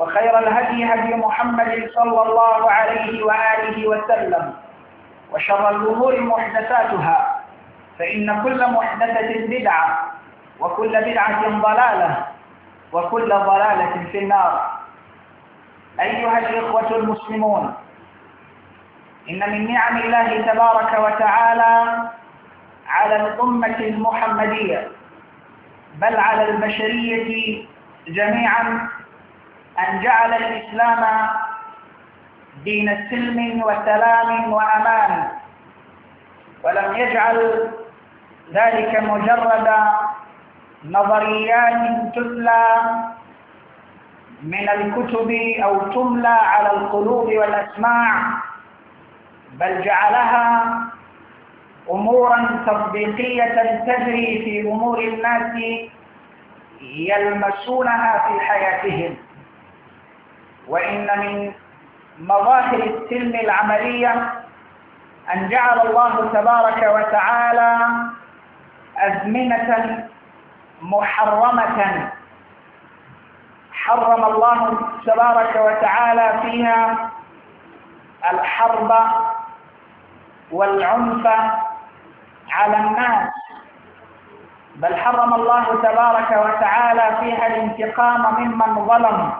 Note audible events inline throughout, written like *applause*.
وخير الهدي هدي محمد صلى الله عليه وآله وسلم وشر الأمور محدثاتها فإن كل محدثة بدعة وكل بدعة ضلالة وكل ضلالة في النار أيها الإخوة المسلمون إن من نعم الله تبارك وتعالى على الأمة المحمدية بل على البشرية جميعا أن جعل الإسلام دين سلم وسلام وأمان ولم يجعل ذلك مجرد نظريات تتلى من الكتب أو تملى على القلوب والأسماع بل جعلها أمورا تطبيقية تجري في أمور الناس يلمسونها في حياتهم وإن من مظاهر السلم العملية أن جعل الله تبارك وتعالى أزمنة محرمة حرم الله تبارك وتعالى فيها الحرب والعنف على الناس بل حرم الله تبارك وتعالى فيها الانتقام ممن ظلم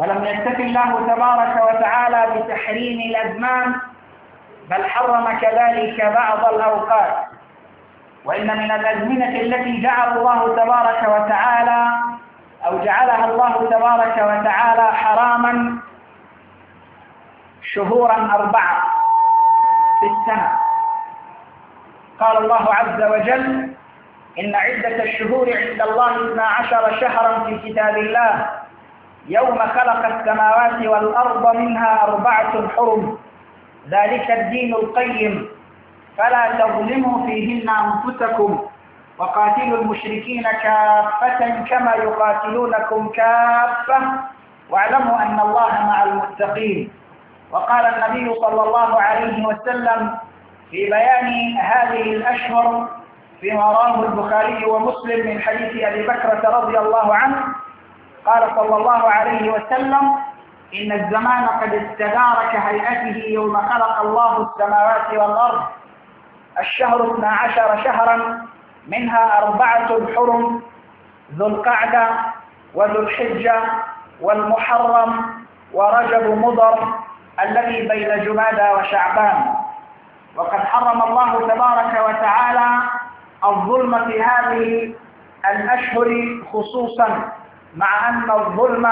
ولم يكتف الله تبارك وتعالى بتحريم الأزمان بل حرم كذلك بعض الأوقات وإن من الأزمنة التي جعل الله تبارك وتعالى أو جعلها الله تبارك وتعالى حراما شهورا أربعة في السنة قال الله عز وجل إن عدة الشهور عند الله اثنا عشر شهرا في كتاب الله يوم خلق السماوات والأرض منها أربعة حرم ذلك الدين القيم فلا تظلموا فيهن أنفسكم وقاتلوا المشركين كافة كما يقاتلونكم كافة واعلموا أن الله مع المتقين وقال النبي صلى الله عليه وسلم في بيان هذه الأشهر فيما رواه البخاري ومسلم من حديث أبي بكرة رضي الله عنه قال صلى الله عليه وسلم إن الزمان قد استدار كهيئته يوم خلق الله السماوات والأرض الشهر 12 شهرا منها أربعة حرم ذو القعدة وذو الحجة والمحرم ورجب مضر الذي بين جمادى وشعبان وقد حرم الله تبارك وتعالى الظلم في هذه الأشهر خصوصا مع أن الظلم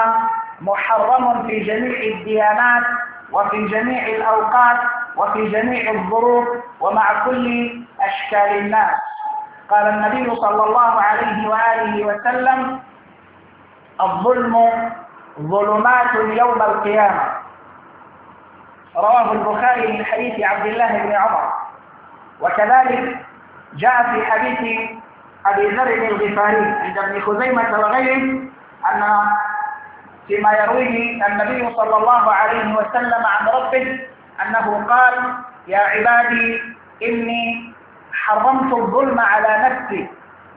محرم في جميع الديانات وفي جميع الأوقات وفي جميع الظروف ومع كل أشكال الناس قال النبي صلى الله عليه وآله وسلم الظلم ظلمات يوم القيامة رواه البخاري من حديث عبد الله بن عمر وكذلك جاء في حديث أبي ذر الغفاري عند ابن خزيمة وغيره أن فيما يرويه النبي صلى الله عليه وسلم عن ربه أنه قال يا عبادي إني حرمت الظلم على نفسي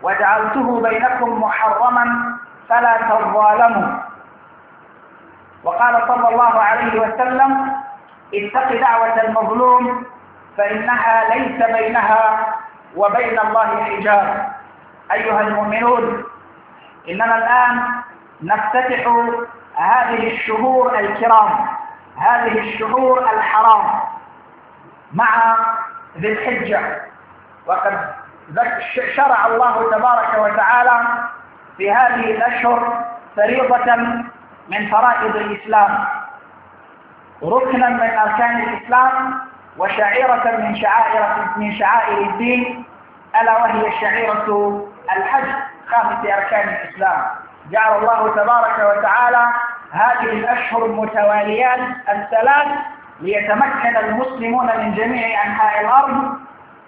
وجعلته بينكم محرما فلا تظالموا وقال صلى الله عليه وسلم اتق دعوة المظلوم فإنها ليس بينها وبين الله حجاب أيها المؤمنون إننا الآن نفتتح هذه الشهور الكرام هذه الشهور الحرام مع ذي الحجة وقد شرع الله تبارك وتعالى في هذه الأشهر فريضة من فرائض الإسلام ركنا من أركان الإسلام وشعيرة من شعائر من شعائر الدين ألا وهي شعيرة الحج خامس أركان الإسلام جعل الله تبارك وتعالى هذه الأشهر المتواليات الثلاث ليتمكن المسلمون من جميع أنحاء الأرض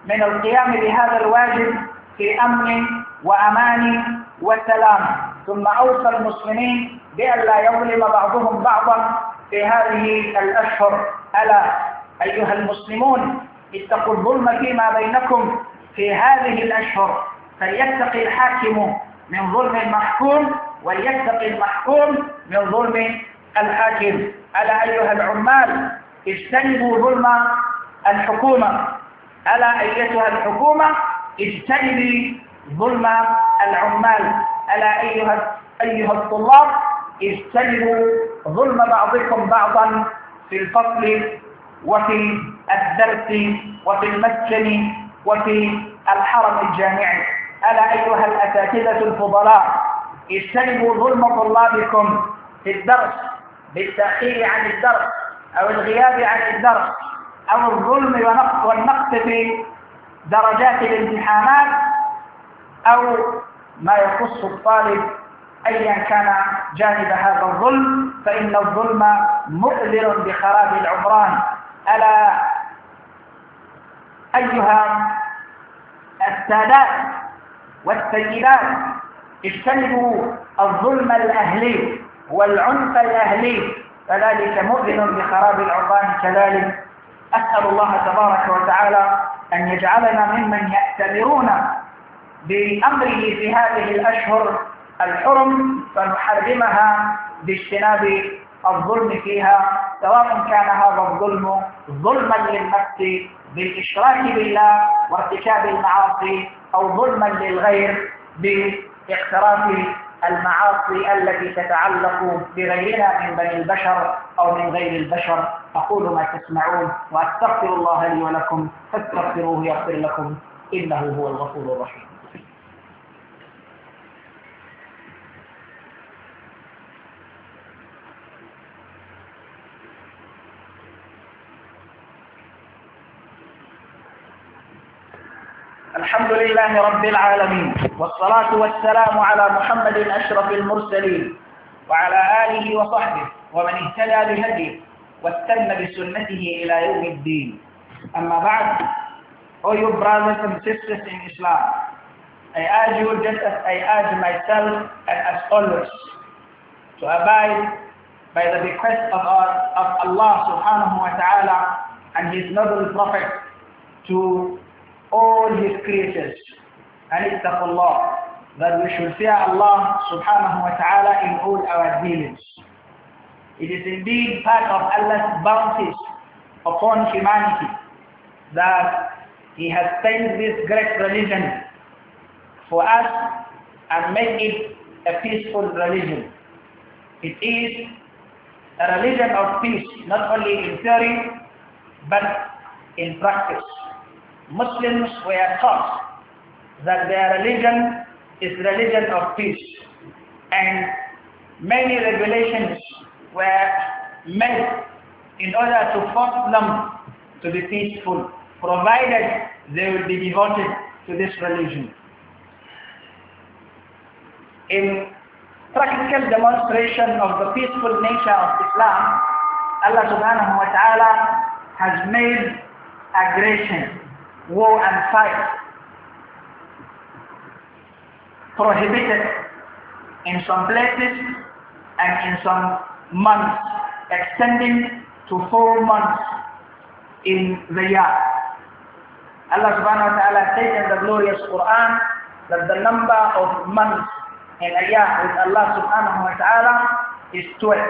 من القيام بهذا الواجب في أمن وأمان وسلام ثم أوصى المسلمين بأن لا يظلم بعضهم بعضا في هذه الأشهر ألا أيها المسلمون اتقوا الظلم فيما بينكم في هذه الأشهر فليتقي الحاكم من ظلم المحكوم وليتقي المحكوم من ظلم الحاكم ألا أيها العمال اجتنبوا ظلم الحكومة ألا أيتها الحكومة اجتنبي ظلم العمال ألا أيها, أيها الطلاب اجتنبوا ظلم بعضكم بعضا في الفصل وفي الدرس وفي المسكن وفي الحرم الجامعي ألا أيها الأساتذة الفضلاء اجتنبوا ظلم طلابكم في الدرس بالتأخير عن الدرس أو الغياب عن الدرس أو الظلم والنقص في درجات الامتحانات أو ما يخص الطالب أيا كان جانب هذا الظلم فإن الظلم مؤذر بخراب العمران ألا أيها السادات والسيدات اجتنبوا الظلم الأهلي والعنف الأهلي فذلك مؤذن بخراب العرضان كذلك أسأل الله تبارك وتعالى أن يجعلنا ممن يأتمرون بأمره في هذه الأشهر الحرم فنحرمها باجتناب الظلم فيها سواء كان هذا الظلم ظلما للنفس بالإشراك بالله وارتكاب المعاصي أو ظلما للغير اقتراف المعاصي التي تتعلق بغيرها من بني البشر أو من غير البشر أقول ما تسمعون وأستغفر الله لي ولكم فاستغفروه يغفر لكم إنه هو الغفور الرحيم الحمد لله رب العالمين والصلاة والسلام على محمد أشرف المرسلين وعلى آله وصحبه ومن اهتدى بهديه واستنى بسنته إلى يوم الدين أما بعد all you brothers and sisters in Islam I urge you just as I urge myself and as always to abide by the request of, our, of Allah subhanahu wa ta'ala and his noble prophet to all his creatures. And it's Allah that we should fear Allah subhanahu wa ta'ala in all our dealings. It is indeed part of Allah's bounties upon humanity that He has sent this great religion for us and made it a peaceful religion. It is a religion of peace, not only in theory, but in practice. Muslims were taught that their religion is religion of peace and many regulations were made in order to force them to be peaceful provided they will be devoted to this religion. In practical demonstration of the peaceful nature of Islam, Allah subhanahu wa ta'ala has made aggression war and fight prohibited in some places and in some months extending to four months in the year. Allah subhanahu wa ta'ala says in the glorious Quran that the number of months in a year with Allah subhanahu wa ta'ala is 12.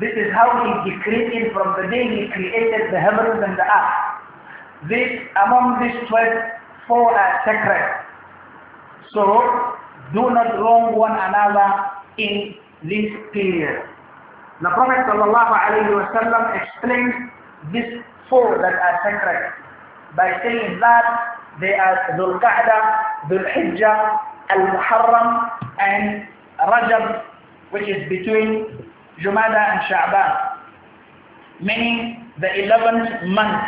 This is how He decreed it from the day He created the heavens and the earth. These, among these 12, four are sacred. So, do not wrong one another in this period. The Prophet ﷺ explains these four that are sacred by saying that they are Dhul Qa'dah, Dhul Hijjah, Al-Muharram and Rajab which is between Jumada and Sha'ban meaning the 11th month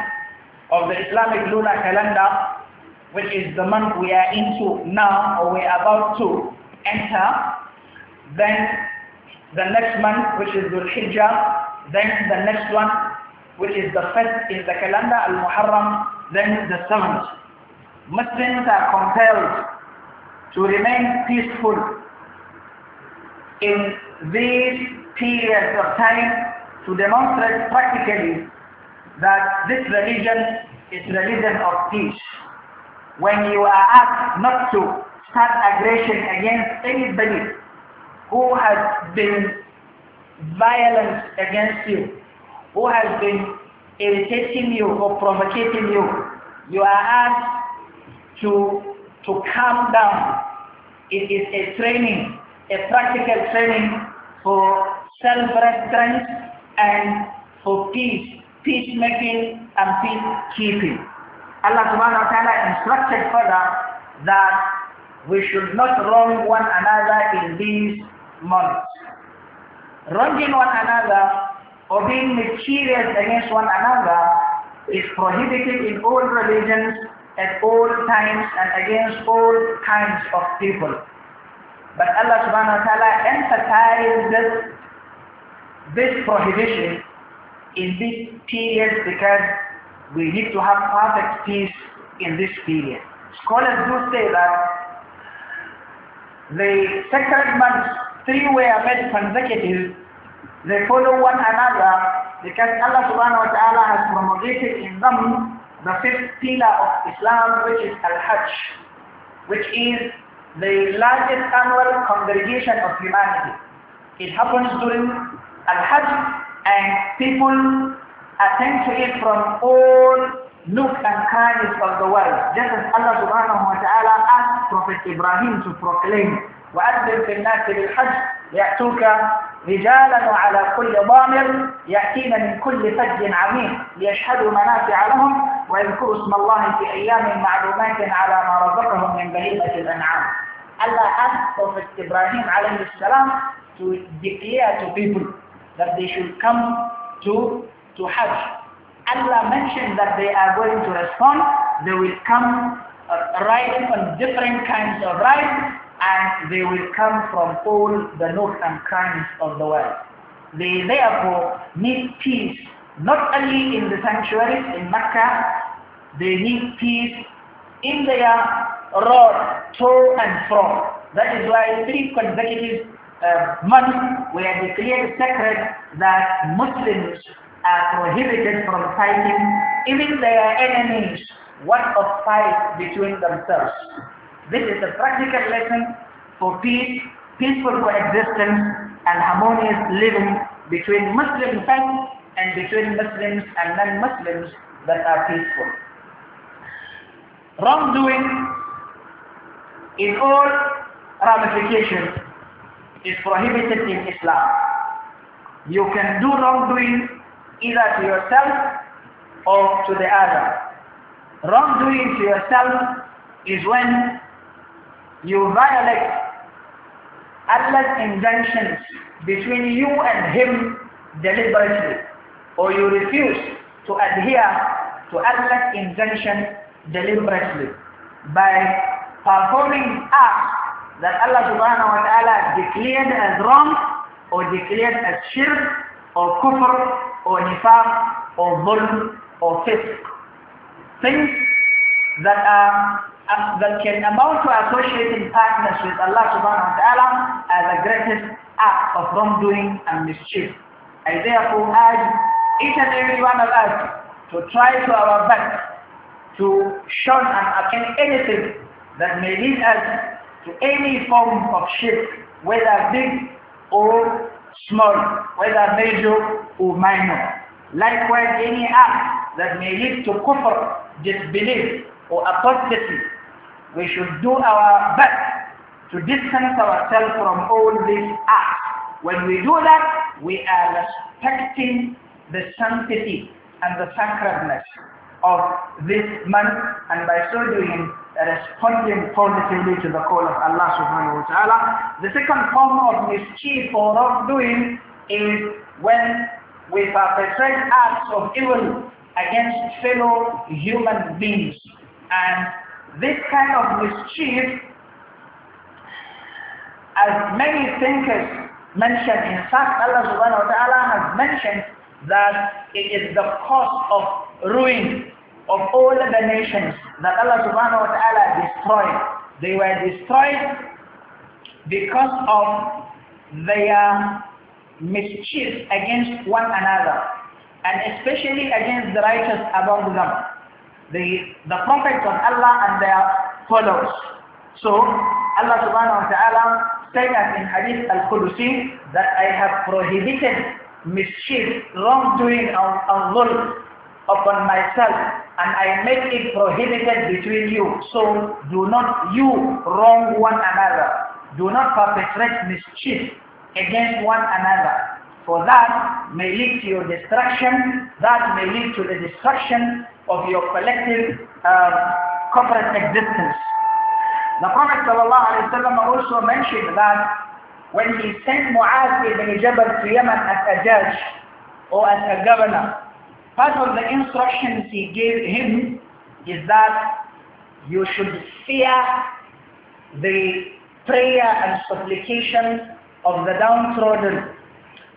of the Islamic lunar calendar, which is the month we are into now or we're about to enter, then the next month which is Dhul Hijjah, then the next one which is the first in the calendar Al-Muharram, then the seventh. Muslims are compelled to remain peaceful in these periods of time to demonstrate practically that this religion is religion of peace. When you are asked not to start aggression against anybody who has been violent against you, who has been irritating you or provoking you, you are asked to, to calm down. It is a training, a practical training for self-restraint and for peace peacemaking and peacekeeping. Allah subhanahu wa ta'ala instructed further that we should not wrong one another in these months. Wronging one another or being mischievous against one another is prohibited in all religions at all times and against all kinds of people. But Allah subhanahu wa ta'ala emphasizes this prohibition in this period because we need to have perfect peace in this period. Scholars do say that the sacred months, three were made consecutive, they follow one another because Allah subhanahu wa ta'ala has promulgated in them the fifth pillar of Islam which is Al-Hajj, which is the largest annual congregation of humanity. It happens during Al-Hajj and people attend to it from all look and kindness of the world. Just as Allah subhanahu wa ta'ala asked Prophet Ibrahim to proclaim, وَأَذِّنْ فِي النَّاسِ بِالْحَجِّ يَأْتُوكَ رِجَالًا وَعَلَى كُلِّ ضَامِرٍ يَأْتِينَ مِنْ كُلِّ فَجٍّ عَمِيمٍ لِيَشْهَدُوا مَنَافِعَ لَهُمْ ويذكروا اسم الله في أيام معلومات على ما رزقهم من بهيمة الأنعام. Allah asked Prophet Ibrahim to declare to people that they should come to, to Hajj. Allah mentioned that they are going to respond, they will come uh, riding on different kinds of rides and they will come from all the nooks and crannies of the world. They therefore need peace, not only in the sanctuaries in Mecca, they need peace in their road to and fro. That is why three consecutive uh, month have declared sacred that Muslims are prohibited from fighting even their enemies what a fight between themselves. This is a practical lesson for peace, peaceful coexistence and harmonious living between Muslim faith and between Muslims and non-Muslims that are peaceful. Wrongdoing is all ramifications is prohibited in Islam. You can do wrongdoing either to yourself or to the other. Wrongdoing to yourself is when you violate Allah's injunctions between you and him deliberately or you refuse to adhere to Allah's injunction deliberately by performing acts that Allah subhanahu wa ta'ala declared as wrong or declared as shirk or kufr or nifaq or zulm or fisk. Things that are uh, that can amount to associating partners with Allah subhanahu wa ta'ala as the greatest act of wrongdoing and mischief. I therefore urge each and every one of us to try to our best to shun and avoid anything that may lead us to any form of shape, whether big or small, whether major or minor. Likewise, any act that may lead to kufr, disbelief, or apostasy, we should do our best to distance ourselves from all these acts. When we do that, we are respecting the sanctity and the sacredness of this month, and by so doing, responding positively to the call of Allah subhanahu wa ta'ala. The second form of mischief or wrongdoing is when we perpetrate acts of evil against fellow human beings. And this kind of mischief, as many thinkers mentioned, in fact Allah subhanahu wa ta'ala has mentioned that it is the cause of ruin of all the nations that Allah subhanahu wa ta'ala destroyed. They were destroyed because of their mischief against one another and especially against the righteous among them, the, the prophets of Allah and their followers. So Allah subhanahu wa ta'ala said us in Hadith al-Qudusi that I have prohibited mischief, wrongdoing and, and upon myself and I make it prohibited between you. So do not you wrong one another. Do not perpetrate mischief against one another. For that may lead to your destruction, that may lead to the destruction of your collective uh, corporate existence. The Prophet ﷺ also mentioned that when he sent Mu'adh ibn Jabal to Yemen as a judge or as a governor, part of the instructions he gave him is that you should fear the prayer and supplication of the downtrodden,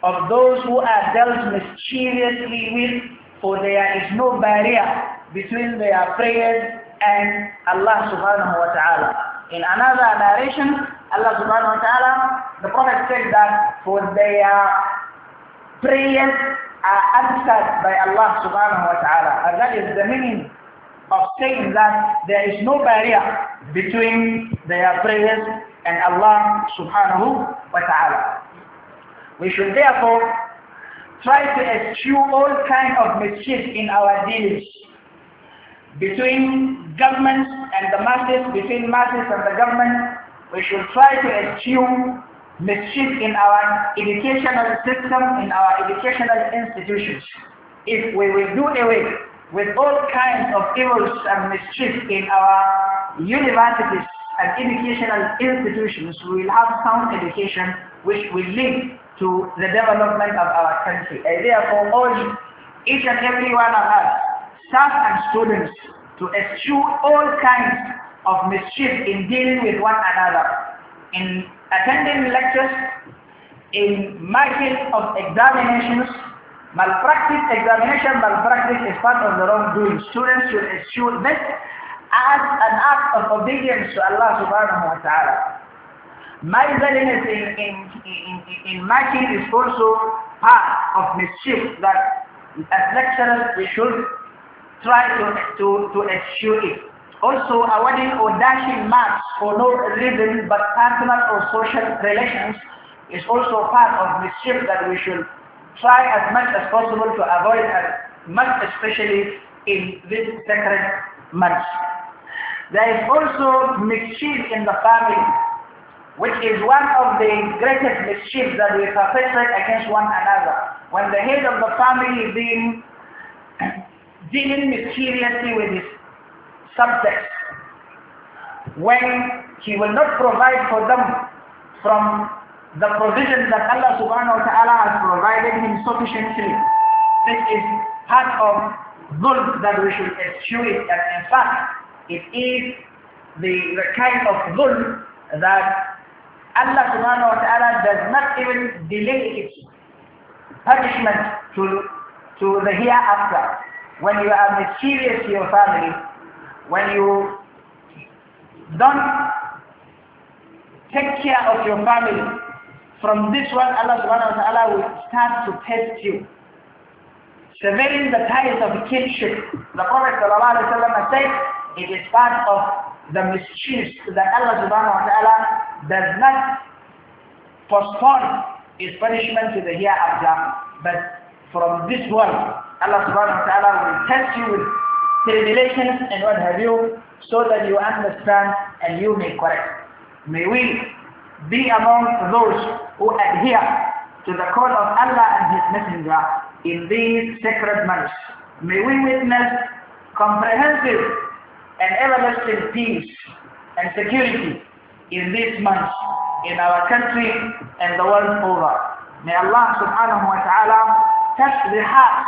of those who are dealt mischievously with, for there is no barrier between their prayers and Allah subhanahu wa ta'ala. In another narration, Allah subhanahu wa ta'ala, the Prophet said that for their prayers are answered by Allah subhanahu wa ta'ala. And that is the meaning of saying that there is no barrier between their prayers and Allah subhanahu wa ta'ala. We should therefore try to eschew all kind of mischief in our dealings between governments and the masses, between masses and the government. We should try to eschew mischief in our educational system, in our educational institutions. If we will do away with all kinds of evils and mischief in our universities and educational institutions, we will have sound education which will lead to the development of our country. And therefore urge each and every one of us, staff and students, to eschew all kinds of mischief in dealing with one another in attending lectures, in marking of examinations, malpractice examination, malpractice is part of the wrongdoing. Students should eschew this as an act of obedience to Allah subhanahu wa ta'ala. Miserliness in, in, in, in marking is also part of mischief that as lecturers we should try to, to, to eschew it. Also, avoiding audacious marks for no reason but personal or social relations is also part of mischief that we should try as much as possible to avoid as much especially in this sacred months. There is also mischief in the family, which is one of the greatest mischiefs that we perpetrate against one another. When the head of the family is being *coughs* dealing mysteriously with his subjects when he will not provide for them from the provision that Allah subhanahu wa ta'ala has provided him sufficiently. This is part of zulm that we should eschew it and in fact it is the, the kind of zulm that Allah subhanahu wa ta'ala does not even delay its punishment to, to the hereafter. When you are mischievous to your family, when you don't take care of your family, from this one Allah subhanahu wa ta'ala will start to test you. Severing the ties of kinship. The Prophet sallallahu said, it is part of the mischiefs that Allah subhanahu wa ta'ala does not postpone his punishment to the hereafter. But from this world, Allah subhanahu wa ta'ala will test you with the and what have you, so that you understand and you may correct. May we be among those who adhere to the call of Allah and His Messenger in these sacred months. May we witness comprehensive and everlasting peace and security in these months in our country and the world over. May Allah subhanahu wa ta'ala touch the heart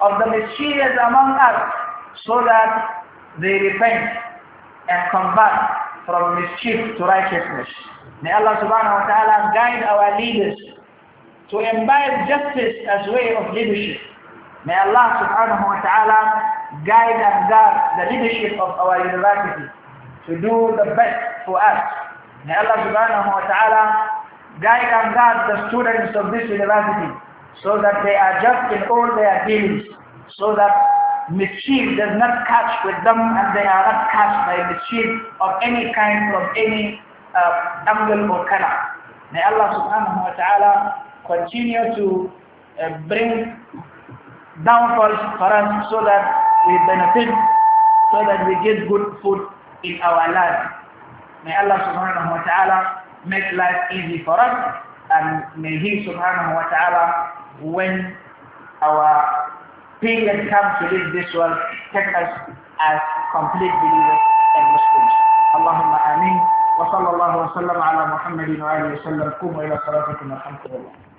of the mischievous among us so that they repent and convert from mischief to righteousness. May Allah subhanahu wa ta'ala guide our leaders to imbibe justice as way of leadership. May Allah subhanahu wa ta'ala guide and guard the leadership of our university to do the best for us. May Allah subhanahu wa ta'ala guide and guard the students of this university so that they are just in all their dealings, so that mischief does not catch with them and they are not catched by mischief of any kind from any uh, angle or color. May Allah subhanahu wa ta'ala continue to uh, bring downfalls for us so that we benefit, so that we get good food in our land. May Allah subhanahu wa ta'ala make life easy for us and may He subhanahu wa ta'ala win our period comes to leave this world, take us as complete believers and Muslims. اللهم آمين وصلى الله وسلم على محمد وآله وسلم قوموا إلى صلاتكم لله